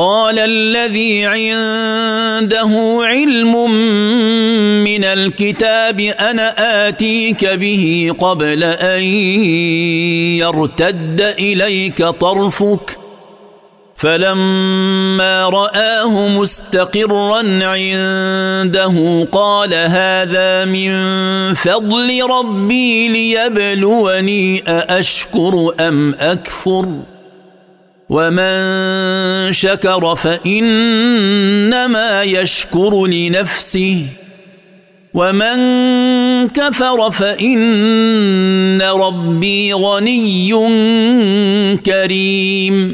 قال الذي عنده علم من الكتاب انا اتيك به قبل ان يرتد اليك طرفك فلما راه مستقرا عنده قال هذا من فضل ربي ليبلوني ااشكر ام اكفر ومن شكر فانما يشكر لنفسه ومن كفر فان ربي غني كريم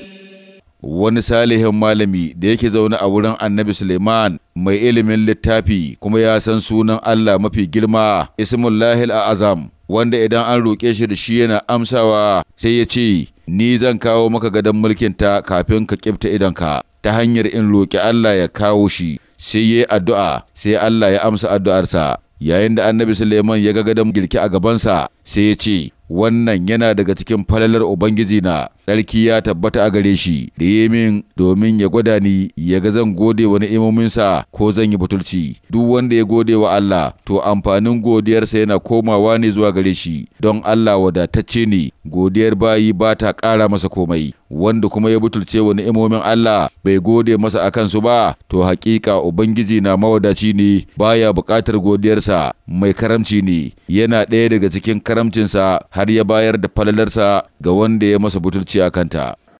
wani salihin malami da yake zaune a wurin annabi Suleiman mai ilimin littafi kuma ya san sunan Allah mafi girma ismullahil azam wanda idan an roƙe shi da shi yana amsawa sai ya ce ni zan kawo maka gadon mulkin ta kafin ka idon idonka ta hanyar in roƙi Allah ya kawo shi sai ya addu'a sai Allah ya amsa addu'arsa yayin da annabi Suleiman ya ga gadon girki a gabansa sai ya ce wannan yana daga cikin falalar Ubangiji na tsarki ya tabbata a gare shi da ya min domin ya gwada ni ya ga zan gode wa ni'imominsa ko zan yi butulci duk wanda ya gode wa Allah to amfanin godiyarsa yana komawa ne zuwa gare shi don Allah wadatacce ne godiyar bayi ba ta ƙara masa komai wanda kuma ya butulce wa ni'imomin Allah bai gode masa a kansu ba, to hakika Ubangiji na mawadaci ne baya buƙatar godiyarsa mai karamci ne, yana ɗaya daga cikin karamcinsa har ya bayar da falalarsa ga wanda ya masa butulci a kanta.